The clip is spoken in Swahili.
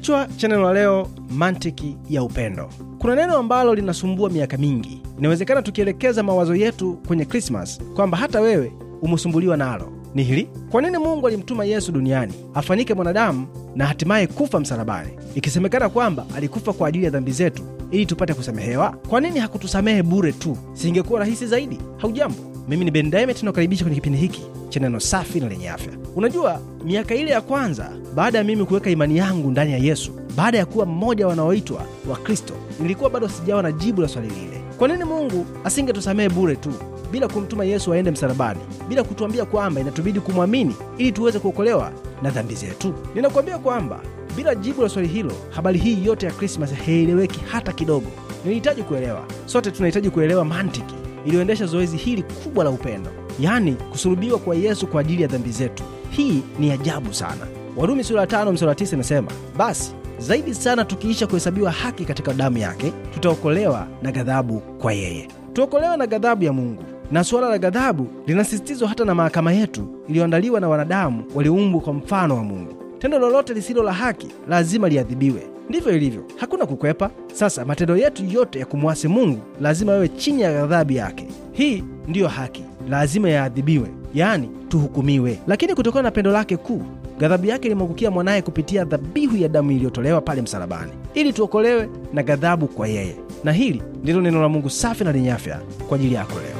Kichwa cha neno la leo, mantiki ya upendo. Kuna neno ambalo linasumbua miaka mingi. Inawezekana tukielekeza mawazo yetu kwenye Krismas kwamba hata wewe umesumbuliwa nalo. Ni hili: kwa nini Mungu alimtuma Yesu duniani afanyike mwanadamu na hatimaye kufa msalabani, ikisemekana kwamba alikufa kwa ajili ya dhambi zetu ili tupate kusamehewa? Kwa nini hakutusamehe bure tu? Singekuwa rahisi zaidi? Haujambo, mimi ni Ben nakaribisha kwenye kipindi hiki cha neno safi na lenye afya. Unajua, miaka ile ya kwanza baada ya mimi kuweka imani yangu ndani ya Yesu, baada ya kuwa mmoja wanaoitwa wa Kristo, nilikuwa bado sijawa na jibu la swali lile. Kwa nini Mungu asingetusamehe bure tu bila kumtuma Yesu aende msalabani, bila kutuambia kwamba inatubidi kumwamini ili tuweze kuokolewa na dhambi zetu? Ninakuambia kwamba bila jibu la swali hilo, habari hii yote ya Krismasi haieleweki hata kidogo. Ninahitaji kuelewa, sote tunahitaji kuelewa mantiki iliyoendesha zoezi hili kubwa la upendo yaani kusulubiwa kwa Yesu kwa ajili ya dhambi zetu. Hii ni ajabu sana. Warumi sura ya 5 mstari 9 inasema, basi zaidi sana tukiisha kuhesabiwa haki katika damu yake, tutaokolewa na ghadhabu kwa yeye. Tuokolewa na ghadhabu ya Mungu, na suala la ghadhabu linasisitizwa hata na mahakama yetu iliyoandaliwa na wanadamu walioumbwa kwa mfano wa Mungu. Tendo lolote lisilo la haki lazima liadhibiwe. Ndivyo ilivyo, hakuna kukwepa. Sasa matendo yetu yote ya kumwasi Mungu lazima yawe chini ya ghadhabu yake. Hii ndiyo haki, lazima yaadhibiwe, yaani tuhukumiwe. Lakini kutokana na pendo lake kuu, ghadhabu yake ilimwangukia mwanaye kupitia dhabihu ya damu iliyotolewa pale msalabani, ili tuokolewe na ghadhabu kwa yeye. Na hili ndilo neno la Mungu safi na lenye afya kwa ajili yako leo.